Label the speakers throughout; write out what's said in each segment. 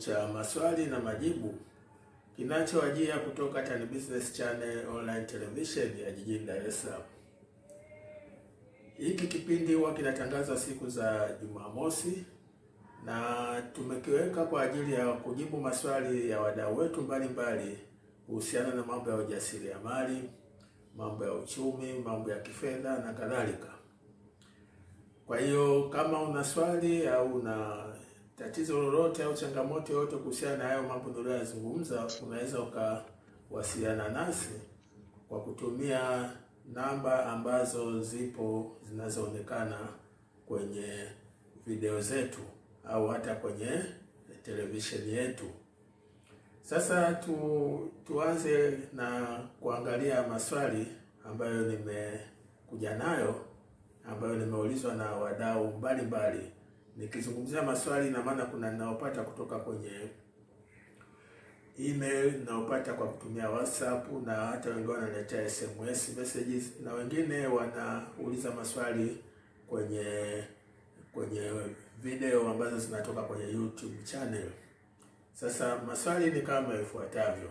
Speaker 1: cha maswali na majibu kinachowajia kutoka Tan Business Channel online television ya jijini Dar es Salaam. Hiki kipindi huwa kinatangazwa siku za Jumamosi na tumekiweka kwa ajili ya kujibu maswali ya wadau wetu mbalimbali kuhusiana na mambo ya ujasiriamali, mambo ya uchumi, mambo ya kifedha na kadhalika. Kwa hiyo kama una swali au una tatizo lolote au changamoto yoyote kuhusiana na hayo mambo yazungumza unaweza ukawasiliana nasi kwa kutumia namba ambazo zipo zinazoonekana kwenye video zetu au hata kwenye televisheni yetu. Sasa tu, tuanze na kuangalia maswali ambayo nimekuja nayo ambayo nimeulizwa na wadau mbalimbali Nikizungumzia maswali na maana kuna ninaopata kutoka kwenye email, ninaopata kwa kutumia WhatsApp na hata wengine wananiletea SMS messages na wengine wanauliza maswali kwenye kwenye video ambazo zinatoka kwenye YouTube channel. Sasa maswali ni kama ifuatavyo.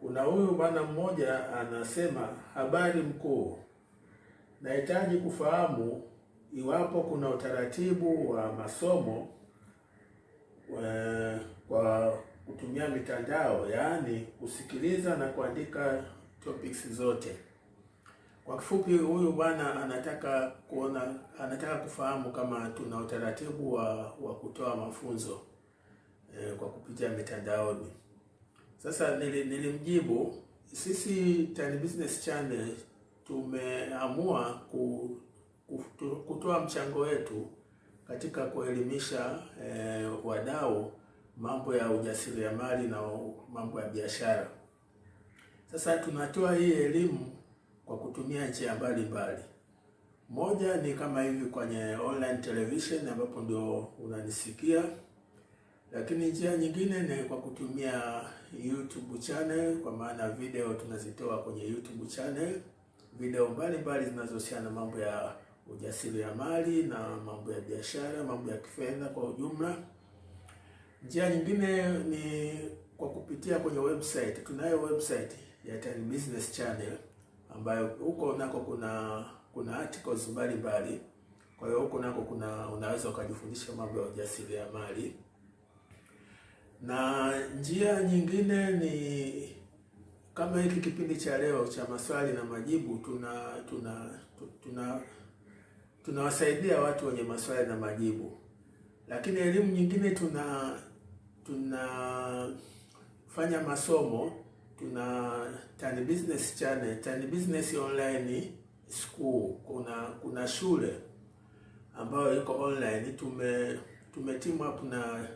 Speaker 1: Kuna huyu bwana mmoja anasema, habari mkuu, nahitaji kufahamu iwapo kuna utaratibu wa masomo e, kwa kutumia mitandao, yaani kusikiliza na kuandika topics zote. Kwa kifupi, huyu bwana anataka kuona, anataka kufahamu kama tuna utaratibu wa, wa kutoa mafunzo e, kwa kupitia mitandaoni. Sasa nilimjibu, sisi Tan Business Channel tumeamua ku kutoa mchango wetu katika kuelimisha e, wadau mambo ya ujasiriamali na mambo ya biashara. Sasa tunatoa hii elimu kwa kutumia njia mbalimbali. Moja ni kama hivi kwenye online television ambapo ndio unanisikia, lakini njia nyingine ni kwa kutumia YouTube channel, kwa maana video tunazitoa kwenye YouTube channel, video mbalimbali zinazohusiana na mambo ya ujasiriamali na mambo ya biashara, mambo ya kifedha kwa ujumla. Njia nyingine ni kwa kupitia kwenye website. Tunayo website ya Tan Business Channel ambayo huko nako kuna kuna articles mbalimbali. Kwa hiyo huko nako kuna unaweza ukajifundisha mambo ya ujasiriamali. Na njia nyingine ni kama hiki kipindi cha leo cha maswali na majibu, tuna tuna tuna tunawasaidia watu wenye maswali na majibu, lakini elimu nyingine tuna tunafanya masomo, tuna Tan Business Channel, Tan Business Online School. Kuna kuna shule ambayo iko online, tume tume team up na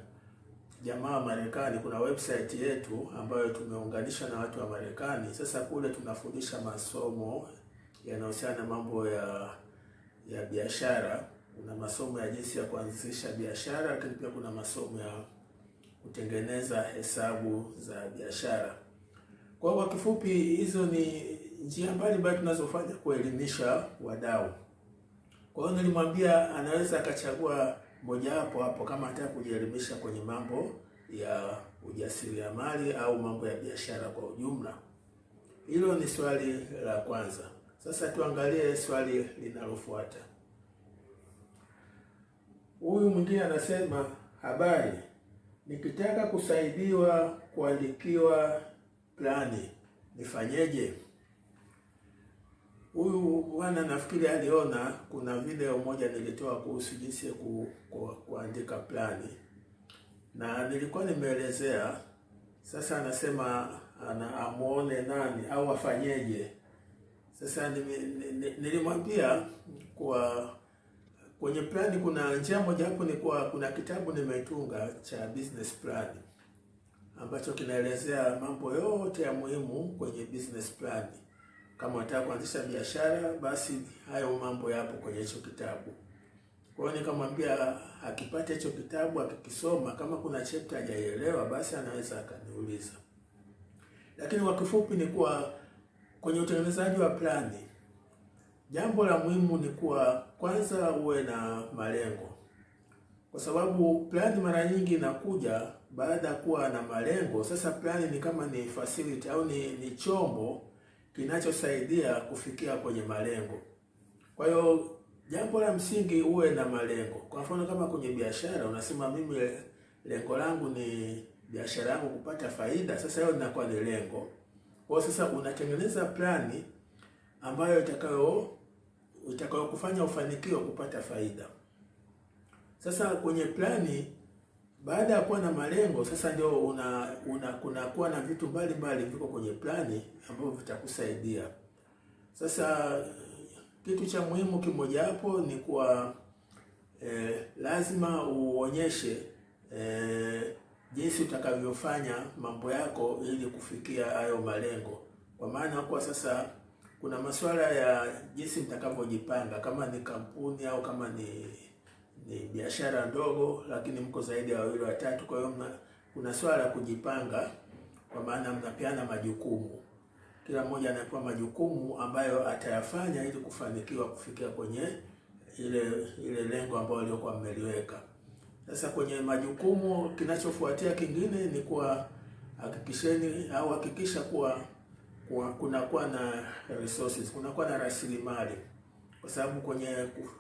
Speaker 1: jamaa wa Marekani. Kuna website yetu ambayo tumeunganisha na watu wa Marekani. Sasa kule tunafundisha masomo yanayohusiana na mambo ya ya biashara. Kuna masomo ya jinsi ya kuanzisha biashara, lakini pia kuna masomo ya kutengeneza hesabu za biashara. Kwa kwa kifupi, hizo ni njia mbalimbali tunazofanya kuelimisha wadau. Kwa hiyo nilimwambia anaweza akachagua mojawapo hapo kama anataka kujielimisha kwenye mambo ya ujasiriamali au mambo ya biashara kwa ujumla. Hilo ni swali la kwanza. Sasa tuangalie swali linalofuata. Huyu mwingine anasema habari, nikitaka kusaidiwa kuandikiwa plani nifanyeje? Huyu bwana nafikiri aliona kuna video moja nilitoa kuhusu jinsi ya ku, ku, kuandika plani na nilikuwa nimeelezea. Sasa anasema ana amuone nani au afanyeje? Sasa nilimwambia kwa kwenye plani kuna njia moja hapo ni kwa kuna kitabu nimetunga cha business plan ambacho kinaelezea mambo yote ya muhimu kwenye business plan. Kama unataka kuanzisha biashara, basi hayo mambo yapo kwenye hicho kitabu. Kwa hiyo nikamwambia akipata hicho kitabu, akikisoma, kama kuna chapter hajaelewa, basi anaweza akaniuliza. Lakini kwa kifupi ni kwa Kwenye utengenezaji wa plani, jambo la muhimu ni kuwa kwanza uwe na malengo, kwa sababu plani mara nyingi inakuja baada ya kuwa na malengo. Sasa plani ni kama ni facility au ni, ni chombo kinachosaidia kufikia kwenye malengo. Kwa hiyo jambo la msingi uwe na malengo. Kwa mfano kama kwenye biashara unasema mimi lengo langu ni biashara yangu kupata faida. Sasa hiyo inakuwa ni lengo. Kwa sasa unatengeneza plani ambayo itakayo itakayo kufanya ufanikiwe kupata faida. Sasa kwenye plani, baada ya kuwa na malengo sasa ndio una, una kunakuwa na vitu mbalimbali viko kwenye plani ambavyo vitakusaidia. Sasa kitu cha muhimu kimoja hapo ni kuwa eh, lazima uonyeshe eh, jinsi utakavyofanya mambo yako ili kufikia hayo malengo, kwa maana kwa sasa kuna masuala ya jinsi mtakavyojipanga kama ni kampuni au kama ni ni biashara ndogo, lakini mko zaidi ya wawili watatu. Kwa hiyo kuna swala la kujipanga, kwa maana mnapeana majukumu, kila mmoja anapewa majukumu ambayo atayafanya ili kufanikiwa kufikia kwenye ile ile lengo ambayo aliyokuwa mmeliweka. Sasa kwenye majukumu, kinachofuatia kingine ni kuwa hakikisheni au hakikisha kuwa kunakuwa na resources, kunakuwa na rasilimali, kwa sababu kwenye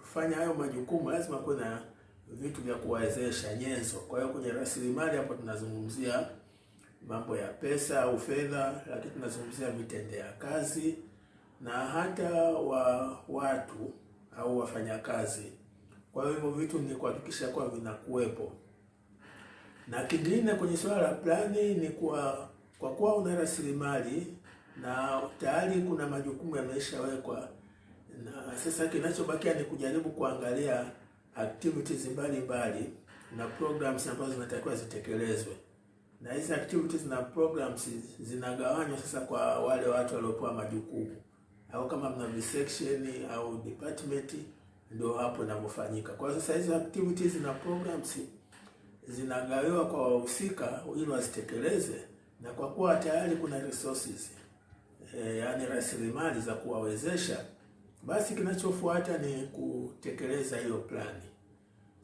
Speaker 1: kufanya hayo majukumu lazima kuwe na vitu vya kuwawezesha, nyenzo. Kwa hiyo kwenye rasilimali hapo tunazungumzia mambo ya pesa au fedha, lakini tunazungumzia vitendea kazi na hata wa watu au wafanyakazi kwa hiyo hivyo vitu ni kuhakikisha kuwa vinakuwepo, na kingine kwenye suala la plani ni kwa kwa kuwa una rasilimali na tayari kuna majukumu yameshawekwa, na sasa kinachobakia ni kujaribu kuangalia activities mbalimbali na programs ambazo zinatakiwa zitekelezwe, na hizi activities na programs zinagawanywa sasa kwa wale watu waliopewa majukumu, au kama mna section au department ndio hapo inavyofanyika. Kwa sasa hizi activities na programs zinagawiwa kwa wahusika ili wazitekeleze, na kwa kuwa tayari kuna resources e, yani rasilimali za kuwawezesha, basi kinachofuata ni kutekeleza hiyo plani.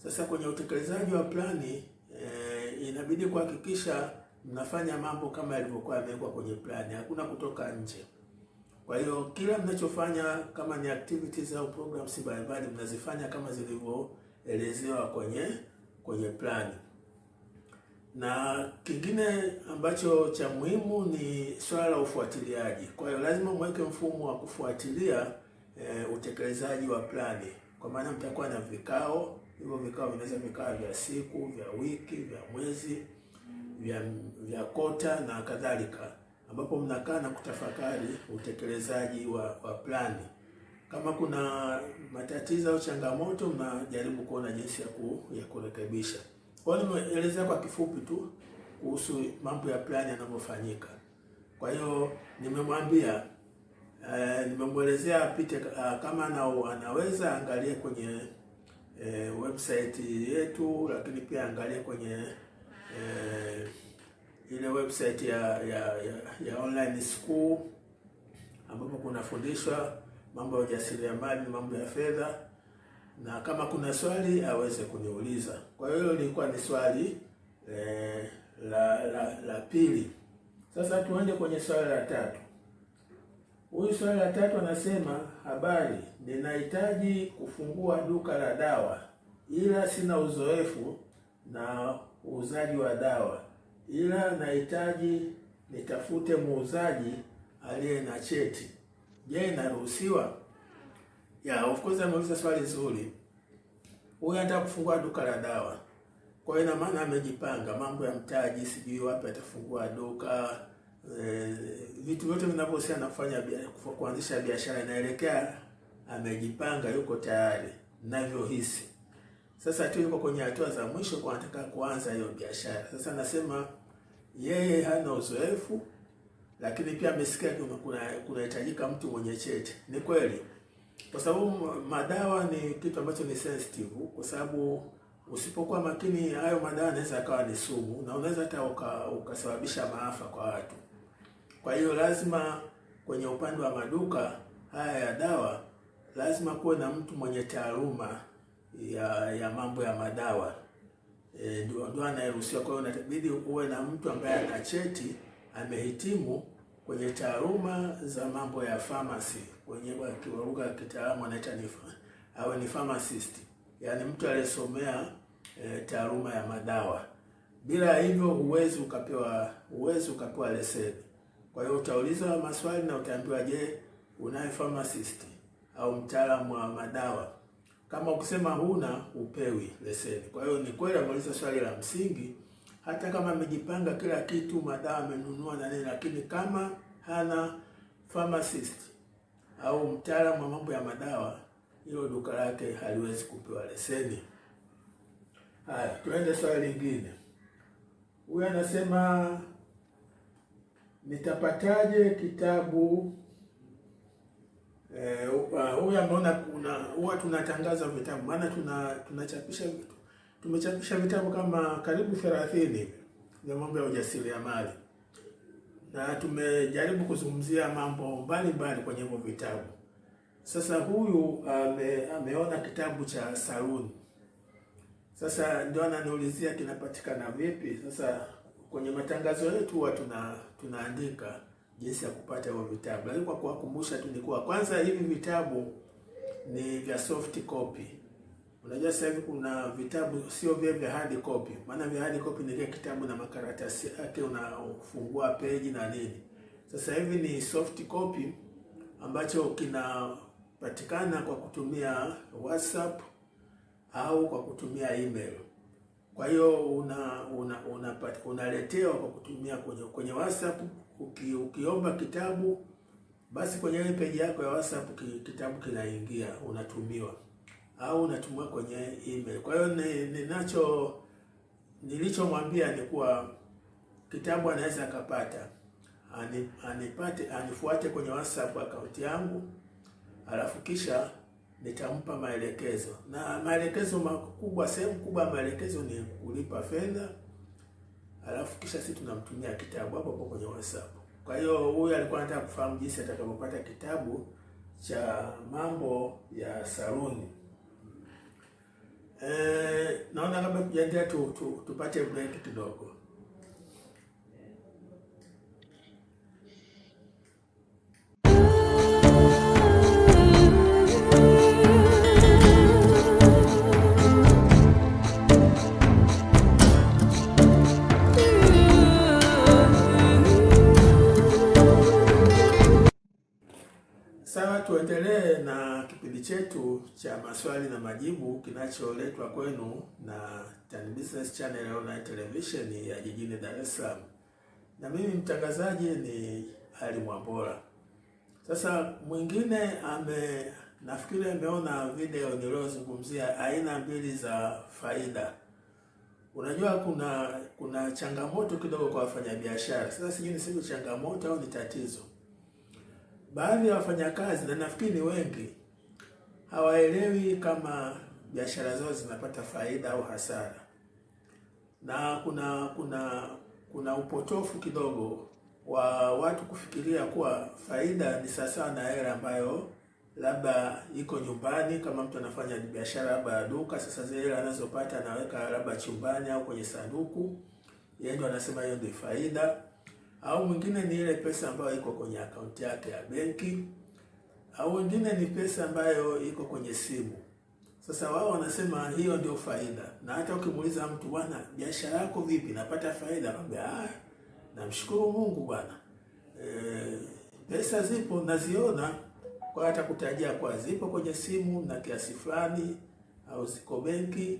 Speaker 1: Sasa kwenye utekelezaji wa plani e, inabidi kuhakikisha mnafanya mambo kama yalivyokuwa yamewekwa kwenye plani, hakuna kutoka nje. Kwa hiyo kila mnachofanya kama ni activities au programs mbalimbali mnazifanya kama zilivyoelezewa kwenye kwenye plani. Na kingine ambacho cha muhimu ni swala la ufuatiliaji. Kwa hiyo lazima mweke mfumo wa kufuatilia e, utekelezaji wa plani. Kwa maana mtakuwa na vikao, hivyo vikao vinaweza vikao vya siku, vya wiki, vya mwezi, vya vya kota na kadhalika ambapo mnakaa na kutafakari utekelezaji wa, wa plani. Kama kuna matatizo au changamoto, mnajaribu kuona jinsi ya, ku, ya kurekebisha. Kwa hiyo nimeelezea kwa kifupi tu kuhusu mambo ya plani yanavyofanyika. Kwa hiyo nimemwambia eh, nimemwelezea apite uh, eh, kama na, anaweza angalie kwenye eh, website yetu, lakini pia angalie kwenye eh, ile website ya ya, ya, ya online school ambapo kunafundishwa mambo ya ujasiriamali, mambo ya fedha, na kama kuna swali aweze kuniuliza. Kwa hiyo lilikuwa ni swali eh, la, la la pili. Sasa tuende kwenye swali la tatu. Huyu swali la tatu anasema, habari, ninahitaji kufungua duka la dawa ila sina uzoefu na uuzaji wa dawa ila nahitaji nitafute muuzaji aliye na cheti. Je, inaruhusiwa? ya of course ameuliza swali zuri. Huyu anataka kufungua duka la dawa, kwa hiyo ina maana amejipanga mambo ya mtaji, sijui wapi atafungua duka e, vitu vyote vinavyohusiana na kufanya kuanzisha biashara, inaelekea amejipanga, yuko tayari navyohisi. Sasa tu yuko kwenye hatua za mwisho kwa anataka kuanza hiyo biashara. Sasa nasema yeye hana uzoefu, lakini pia amesikia kuna kunahitajika mtu mwenye cheti. Ni kweli, kwa sababu madawa ni kitu ambacho ni sensitive, kwa sababu usipokuwa makini, hayo madawa yanaweza akawa ni sumu na unaweza hata ukasababisha maafa kwa watu. Kwa hiyo lazima kwenye upande wa maduka haya ya dawa lazima kuwe na mtu mwenye taaluma ya ya mambo ya madawa e, ndio ndio anayeruhusiwa. Kwa hiyo inabidi uwe na mtu ambaye ana cheti amehitimu kwenye taaluma za mambo ya pharmacy, kwenye kwa lugha ya kitaalamu anaita ni awe ni pharmacist, yaani mtu aliyesomea e, taaluma ya madawa. Bila hivyo huwezi ukapewa huwezi ukapewa leseni. Kwa hiyo utaulizwa maswali na utaambiwa, je, unaye pharmacist au mtaalamu wa madawa kama ukisema huna upewi leseni. Kwa hiyo ni kweli ameuliza swali la msingi, hata kama amejipanga kila kitu, madawa amenunua na nini, lakini kama hana pharmacist au mtaalamu wa mambo ya madawa, hilo duka lake haliwezi kupewa leseni. Haya, tuende swali lingine. Huyu anasema nitapataje kitabu Eh, huyu eh, ambao huwa tunatangaza vitabu, maana tuna tunachapisha tumechapisha vitabu kama karibu 30 vya mambo ya ujasiriamali, na tumejaribu kuzungumzia mambo mbalimbali kwenye hivyo vitabu. Sasa huyu ame, ameona kitabu cha saluni, sasa ndio ananiulizia kinapatikana vipi. Sasa kwenye matangazo yetu huwa tuna tunaandika jinsi ya kupata hiyo vitabu, lakini kwa kuwakumbusha tu ni kuwa kwanza, hivi vitabu ni vya soft copy. Unajua sasa hivi kuna vitabu sio vile vya hard copy, maana vya hard copy ni kile kitabu na makaratasi yake, unafungua peji na nini. Sasa hivi ni soft copy ambacho kinapatikana kwa kutumia WhatsApp au kwa kutumia email. Kwa hiyo una, una, una, unaletewa kwa kutumia kwenye, kwenye WhatsApp uki, ukiomba kitabu basi kwenye ile peji yako ya WhatsApp kitabu kinaingia, unatumiwa au unatumwa kwenye email. Kwa hiyo ninacho nilichomwambia ni kuwa kitabu anaweza akapata anipate anifuate kwenye WhatsApp akaunti yangu, alafu kisha nitampa maelekezo, na maelekezo makubwa, sehemu kubwa ya maelekezo ni kulipa fedha alafu kisha sisi tunamtumia kitabu hapo hapo kwenye WhatsApp. Kwa hiyo huyu alikuwa anataka kufahamu jinsi atakavyopata kitabu cha mambo ya saluni. E, naona labda kujiandaa tu, tu, tupate break kidogo. sawa, tuendelee na kipindi chetu cha maswali na majibu kinacholetwa kwenu na Tan Business Channel Online Television ya jijini Dar es Salaam, na mimi mtangazaji ni Ali Mwambola. Sasa mwingine ame, nafikiri ameona video niliyozungumzia aina mbili za faida. Unajua kuna kuna changamoto kidogo kwa wafanyabiashara. Sasa sijui ni changamoto au ni tatizo baadhi ya wafanyakazi na nafikiri wengi hawaelewi kama biashara zao zinapata faida au hasara, na kuna kuna kuna upotofu kidogo wa watu kufikiria kuwa faida ni sawasawa na hela ambayo labda iko nyumbani. Kama mtu anafanya biashara labda ya duka, sasa zile hela anazopata anaweka labda chumbani au kwenye sanduku, yeye ndo anasema hiyo ndio faida au mwingine ni ile pesa ambayo iko kwenye akaunti yake ya benki, au wengine ni pesa ambayo iko kwenye simu. Sasa wao wanasema hiyo ndio faida, na hata ukimuuliza mtu bwana, biashara yako vipi, napata faida? Anambia ah, namshukuru Mungu bwana, e, pesa zipo naziona, kwa hata kutajia kwa zipo kwenye simu na kiasi fulani, au ziko benki,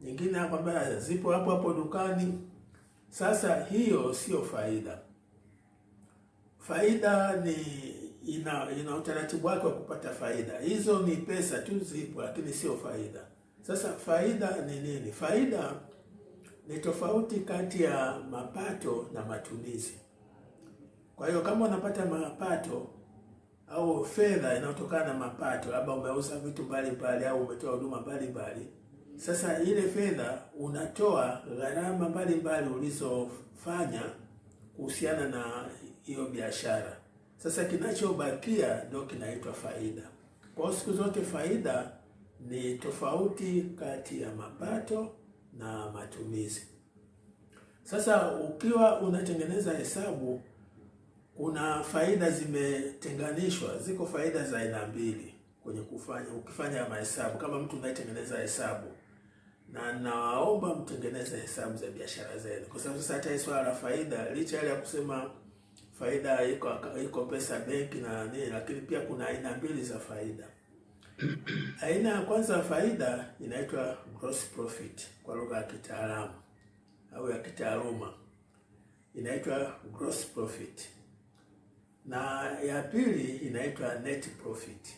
Speaker 1: nyingine akwambia zipo hapo hapo dukani. Sasa hiyo sio faida. Faida ni ina ina utaratibu wake wa kupata faida. Hizo ni pesa tu zipo, lakini sio faida. Sasa faida ni nini? Faida ni tofauti kati ya mapato na matumizi. Kwa hiyo kama unapata mapato au fedha inayotokana na mapato, labda umeuza vitu mbalimbali au umetoa huduma mbalimbali, sasa ile fedha unatoa gharama mbalimbali ulizofanya kuhusiana na hiyo biashara. Sasa kinachobakia ndio kinaitwa faida. Kwa siku zote faida ni tofauti kati ya mapato na matumizi. Sasa ukiwa unatengeneza hesabu, kuna faida zimetenganishwa. Ziko faida za aina mbili kwenye kufanya ukifanya mahesabu, kama mtu unayetengeneza hesabu na nawaomba mtengeneze hesabu za biashara zenu, kwa sababu sasa hata swala la faida, licha ya kusema faida iko iko pesa benki na nini, lakini pia kuna aina mbili za faida. Aina ya kwanza ya faida inaitwa gross profit kwa lugha ya kitaalamu au ya kitaaluma inaitwa gross profit, na ya pili inaitwa net profit.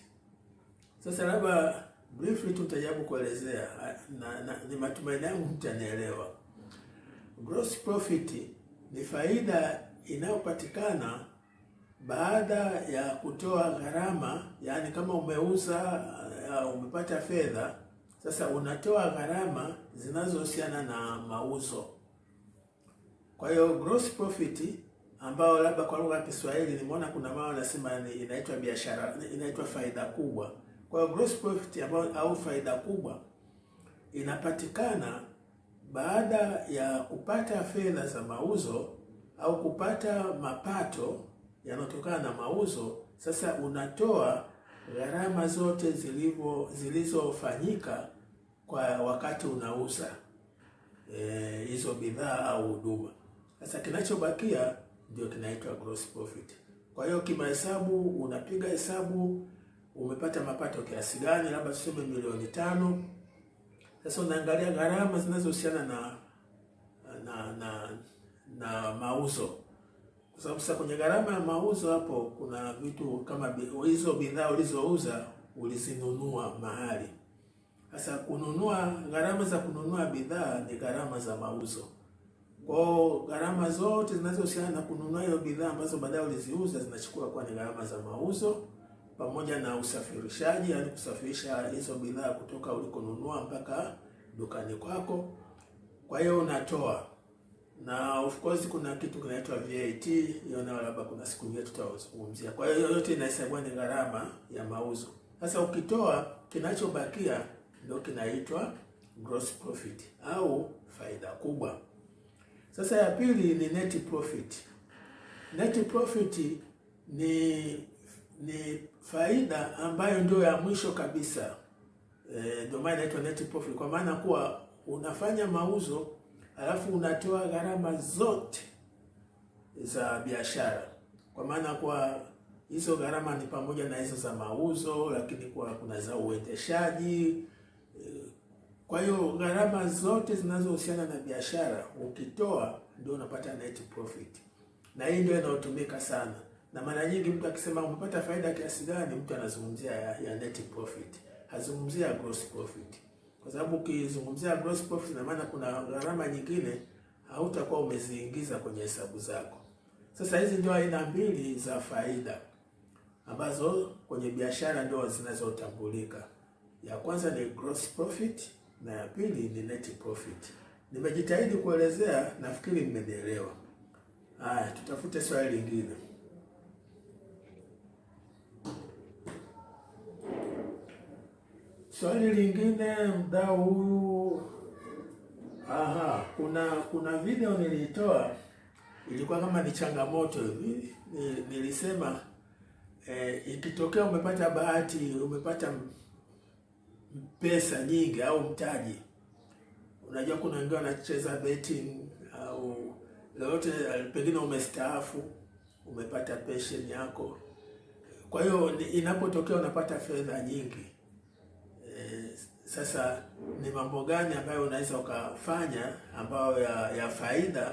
Speaker 1: Sasa labda briefly tu nitajaribu kuelezea na, na, ni matumaini yangu mtanielewa. Gross profit ni faida inayopatikana baada ya kutoa gharama, yaani kama umeuza umepata fedha, sasa unatoa gharama zinazohusiana na mauzo. Kwa hiyo gross profit ambayo labda kwa lugha ya Kiswahili nimeona kuna mama anasema inaitwa biashara, inaitwa faida kubwa. Kwa hiyo gross profit au faida kubwa inapatikana baada ya kupata fedha za mauzo au kupata mapato yanayotokana na mauzo. Sasa unatoa gharama zote zilivyo zilizofanyika kwa wakati unauza e, hizo e, bidhaa au huduma. Sasa kinachobakia ndio kinaitwa gross profit. Kwa hiyo kimahesabu, unapiga hesabu umepata mapato kiasi gani, labda tuseme milioni tano. Sasa unaangalia gharama zinazohusiana na na na na mauzo, kwa sababu sasa kwenye gharama ya mauzo hapo kuna vitu kama hizo bidhaa ulizouza ulizinunua mahali. Sasa kununua, gharama za kununua bidhaa ni gharama za mauzo. Kwao gharama zote zinazohusiana na kununua hiyo bidhaa ambazo baadaye uliziuza zinachukua kuwa ni gharama za mauzo pamoja na usafirishaji, yani kusafirisha hizo bidhaa kutoka ulikonunua mpaka dukani kwako. Kwa hiyo unatoa, na of course kuna kitu kinaitwa VAT, hiyo nayo labda kuna siku nyingine tutazungumzia. Kwa hiyo yote inahesabiwa ni gharama ya mauzo. Sasa ukitoa, kinachobakia ndio kinaitwa gross profit au faida kubwa. Sasa ya pili ni net profit. Net profit ni ni faida ambayo ndio ya mwisho kabisa, eh, ndio maana inaitwa net profit, kwa maana kuwa unafanya mauzo alafu unatoa gharama zote za biashara, kwa maana kwa hizo gharama ni pamoja na hizo za mauzo, lakini kwa kuna za uendeshaji. Eh, kwa hiyo gharama zote zinazohusiana na biashara ukitoa, ndio unapata net profit, na hii ndio inayotumika sana na mara nyingi mtu akisema umepata faida kiasi gani, mtu anazungumzia ya, ya net profit, hazungumzia gross profit, kwa sababu ukizungumzia gross profit, na maana kuna gharama nyingine hautakuwa umeziingiza kwenye hesabu zako. Sasa hizi ndio aina mbili za faida ambazo kwenye biashara ndio zinazotambulika. Ya kwanza ni gross profit na ya pili ni net profit. Nimejitahidi kuelezea, nafikiri mmenielewa. Haya, tutafute swali lingine. Swali lingine mdau huyu, aha, kuna kuna video niliitoa ilikuwa kama ni changamoto hivi, nilisema eh, ikitokea umepata bahati, umepata pesa nyingi au mtaji, unajua kuna wengine wanacheza betting au lolote, pengine umestaafu, umepata pension yako. Kwa hiyo inapotokea unapata fedha nyingi E, sasa ni mambo gani ambayo unaweza ukafanya ambayo ya, ya faida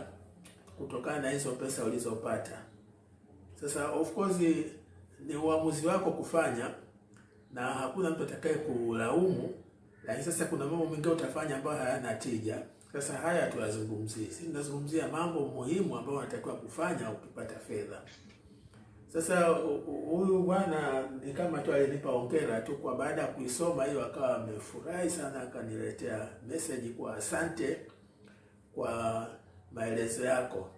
Speaker 1: kutokana na hizo pesa ulizopata? Sasa of course ni uamuzi wako kufanya na hakuna mtu atakaye kulaumu, lakini sasa kuna mambo mengine utafanya ambayo hayana tija. Sasa haya tuyazungumzie, sisi tunazungumzia mambo muhimu ambayo unatakiwa kufanya ukipata fedha. Sasa huyu bwana ni kama tu alinipa hongera tu kwa baada ya kuisoma hiyo, akawa amefurahi sana, akaniletea message kwa asante kwa maelezo yako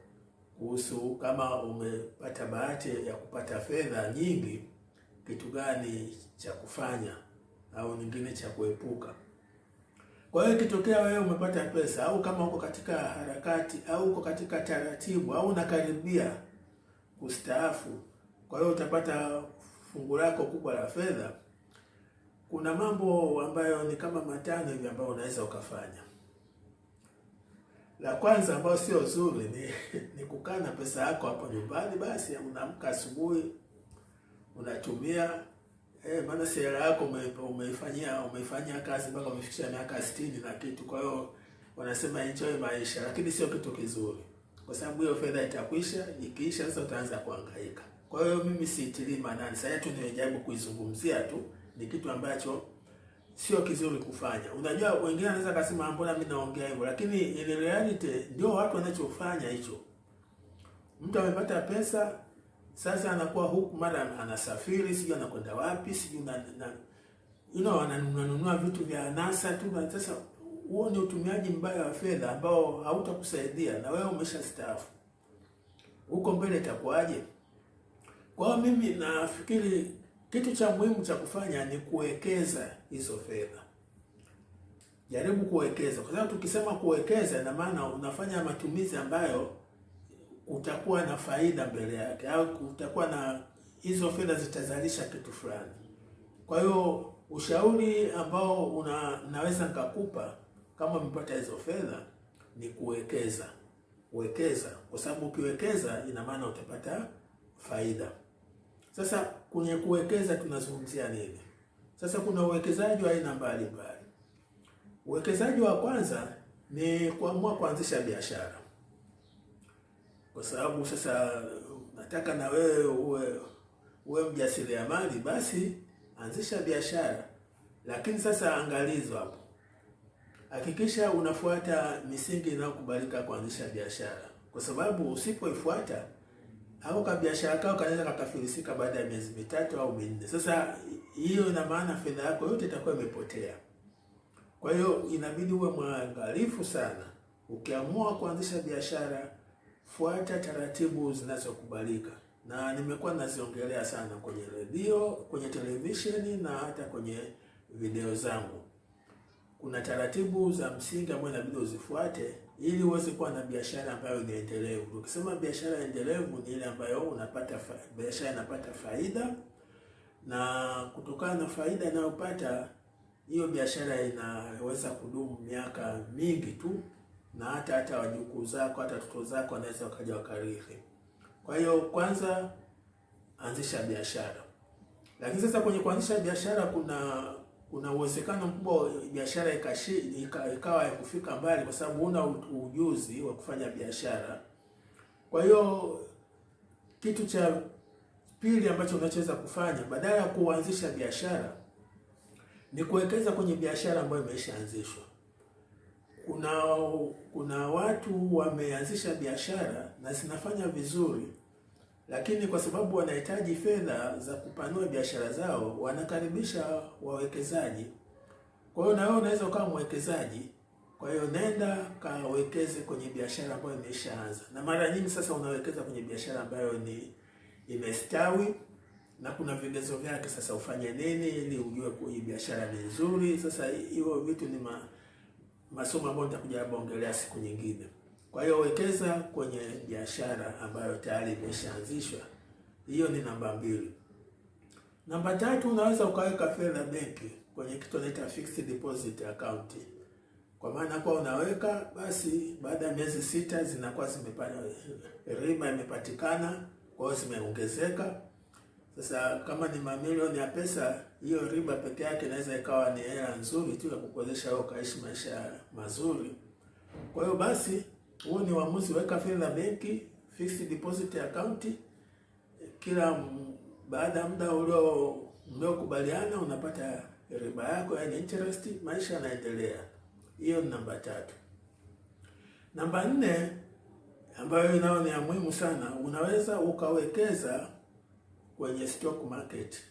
Speaker 1: kuhusu kama umepata bahati ya kupata fedha nyingi, kitu gani cha kufanya au nyingine cha kuepuka. Kwa hiyo ikitokea wewe umepata pesa au kama uko katika harakati au uko katika taratibu au unakaribia kustaafu kwa hiyo utapata fungu lako kubwa la fedha. Kuna mambo ambayo ni kama matano hivi ambayo unaweza ukafanya. La kwanza ambayo sio zuri ni, ni kukaa na pesa yako hapo nyumbani. Basi unaamka asubuhi unatumia eh, maana sera yako umeifanyia umeifanyia kazi mpaka umefikisha miaka 60 na kitu. Kwa hiyo wanasema enjoy maisha, lakini sio kitu kizuri, kwa sababu hiyo fedha itakwisha. Ikiisha sasa utaanza kuhangaika. Kwa hiyo mimi siitilii maanani. Sasa tu nimejaribu kuizungumzia tu, ni kitu ambacho sio kizuri kufanya. Unajua wengine wanaweza kusema ah, mbona mimi naongea hivyo, lakini in reality ndio watu wanachofanya hicho. Mtu amepata pesa sasa anakuwa huku, mara anasafiri, sijui anakwenda wapi, sijui na, na you know, ananunua vitu vya anasa tu. Na Sasa huo ni utumiaji mbaya wa fedha ambao hautakusaidia, na wewe umeshastaafu, huko mbele itakuwaje? Kwa hiyo mimi nafikiri kitu cha muhimu cha kufanya ni kuwekeza hizo fedha. Jaribu kuwekeza, kwa sababu tukisema kuwekeza, ina maana unafanya matumizi ambayo utakuwa na faida mbele yake, au utakuwa na hizo fedha zitazalisha kitu fulani. Kwa hiyo ushauri ambao una, naweza nikakupa kama umepata hizo fedha ni kuwekeza, wekeza, kwa sababu ukiwekeza ina maana utapata faida. Sasa kwenye kuwekeza tunazungumzia nini? Sasa kuna uwekezaji wa aina mbalimbali. Uwekezaji wa kwanza ni kuamua kuanzisha biashara, kwa sababu sasa nataka na wewe uwe uwe mjasiriamali, basi anzisha biashara. Lakini sasa angalizo hapo, hakikisha unafuata misingi inayokubalika kuanzisha biashara, kwa sababu usipoifuata au kabiashara kao kanaweza kakafilisika baada ya miezi mitatu au minne. Sasa hiyo ina maana fedha yako yote itakuwa imepotea. Kwa hiyo inabidi uwe mwangalifu sana. Ukiamua kuanzisha biashara, fuata taratibu zinazokubalika, na nimekuwa naziongelea sana kwenye redio, kwenye televisheni na hata kwenye video zangu. Kuna taratibu za msingi ambayo inabidi uzifuate ili uweze kuwa na biashara ambayo ni endelevu. Ukisema biashara endelevu ni ile ambayo unapata biashara inapata faida na kutokana na faida inayopata hiyo biashara inaweza kudumu miaka mingi tu, na hata hata wajukuu zako hata watoto zako wanaweza wakaja wakarithi. Kwa hiyo kwanza anzisha biashara, lakini sasa kwenye kuanzisha biashara kuna kuna uwezekano mkubwa biashara ikawa ya kufika mbali, kwa sababu huna ujuzi wa kufanya biashara. Kwa hiyo kitu cha pili ambacho unachoweza kufanya badala ya kuanzisha biashara ni kuwekeza kwenye biashara ambayo imeshaanzishwa. Kuna kuna watu wameanzisha biashara na zinafanya vizuri, lakini kwa sababu wanahitaji fedha za kupanua biashara zao, wanakaribisha wawekezaji. Kwa hiyo na wewe unaweza ukawa mwekezaji, kwa hiyo nenda kawekeze kwenye biashara ambayo imeshaanza, na mara nyingi sasa unawekeza kwenye biashara ambayo ni imestawi na kuna vigezo vyake. Sasa ufanye nini ili ujue hii biashara ni nzuri? Sasa hiyo vitu ni ma, masomo ambayo nitakuja labda ongelea siku nyingine. Kwa hiyo wekeza kwenye biashara ambayo tayari imeshaanzishwa, hiyo ni namba mbili. Namba tatu, unaweza ukaweka fedha benki kwenye kitu naita fixed deposit account, kwa maana kwa unaweka basi, baada ya miezi sita zinakuwa zimepata riba imepatikana, kwa hiyo zimeongezeka. Sasa kama ni mamilioni ya pesa, hiyo riba peke yake inaweza ikawa ni hela nzuri tu ya kukuwezesha wewe ukaishi maisha mazuri. Kwa hiyo basi huu ni uamuzi weka fedha benki, fixed deposit account. Kila baada ya muda ulio mliokubaliana unapata riba yako, yani interest, maisha yanaendelea. Hiyo ni namba tatu. Namba nne ambayo inao ni ya muhimu sana, unaweza ukawekeza kwenye stock market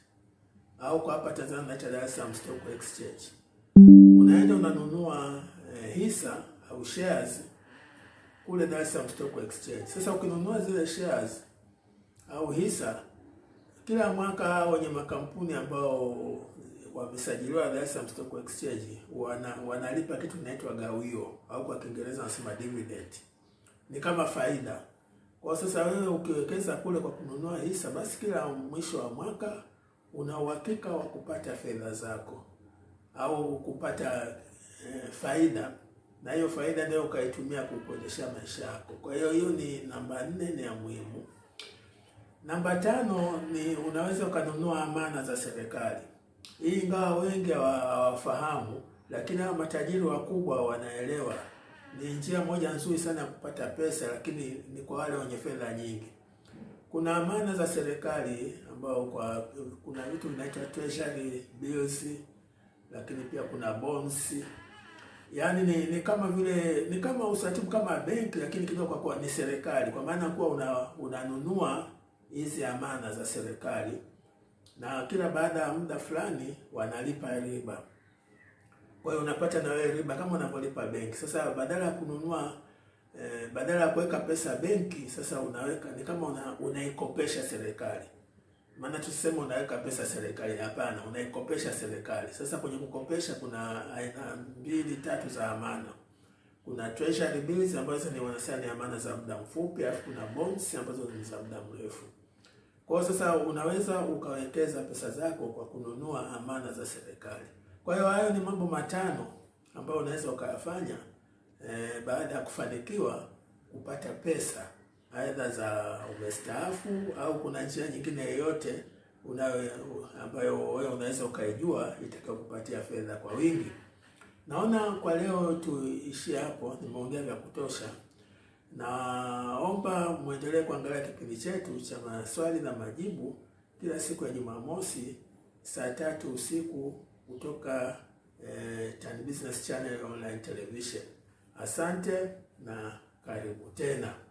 Speaker 1: au kwa hapa Tanzania cha Dar es Salaam Stock Exchange, unaenda unanunua eh, hisa au shares ule Dar es Salaam Stock Exchange. Sasa ukinunua zile shares au hisa, kila mwaka wenye makampuni ambao wamesajiliwa Dar es Salaam Stock Exchange wana, wanalipa kitu kinaitwa gawio au kwa Kiingereza wanasema dividend, ni kama faida. Kwa sasa wewe ukiwekeza kule kwa kununua hisa, basi kila mwisho wa mwaka una uhakika wa kupata fedha zako au kupata eh, faida na hiyo faida ndio ukaitumia kuboresha maisha yako. Kwa hiyo hiyo ni namba nne, ni ya muhimu. Namba tano ni unaweza ukanunua amana za serikali. Hii ingawa wengi hawafahamu, lakini hawa matajiri wakubwa wanaelewa. Ni njia moja nzuri sana ya kupata pesa, lakini ni kwa wale wenye fedha nyingi. Kuna amana za serikali ambao kwa kuna vitu vinaitwa treasury bills, lakini pia kuna bonds Yaani ni, ni kama vile ni kama usatibu kama benki, lakini kidogo kwa kuwa ni serikali, kwa maana kuwa una, unanunua hizi amana za serikali na kila baada ya muda fulani wanalipa riba. Kwa hiyo unapata na wewe riba kama unavyolipa benki. Sasa badala ya kununua eh, badala ya kuweka pesa benki, sasa unaweka ni kama una, unaikopesha serikali maana tuseme unaweka pesa serikali, hapana, unaikopesha serikali. Sasa kwenye kukopesha kuna aina mbili tatu za amana. Kuna treasury bills ambazo ni wanasema ni amana za muda mfupi, alafu kuna bonds ambazo ni za muda mrefu. Kwa sasa unaweza ukawekeza pesa zako kwa kununua amana za serikali. Kwa hiyo hayo ni mambo matano ambayo unaweza ukayafanya eh, baada ya kufanikiwa kupata pesa aidha za umestaafu au kuna njia nyingine yoyote unayo ambayo wewe unaweza ukaijua itakayokupatia fedha kwa wingi. Naona kwa leo tuishie hapo, nimeongea vya kutosha. Naomba muendelee kuangalia kipindi chetu cha maswali na majibu kila siku ya Jumamosi saa tatu usiku kutoka eh, Tan Business Channel Online Television. Asante na karibu tena.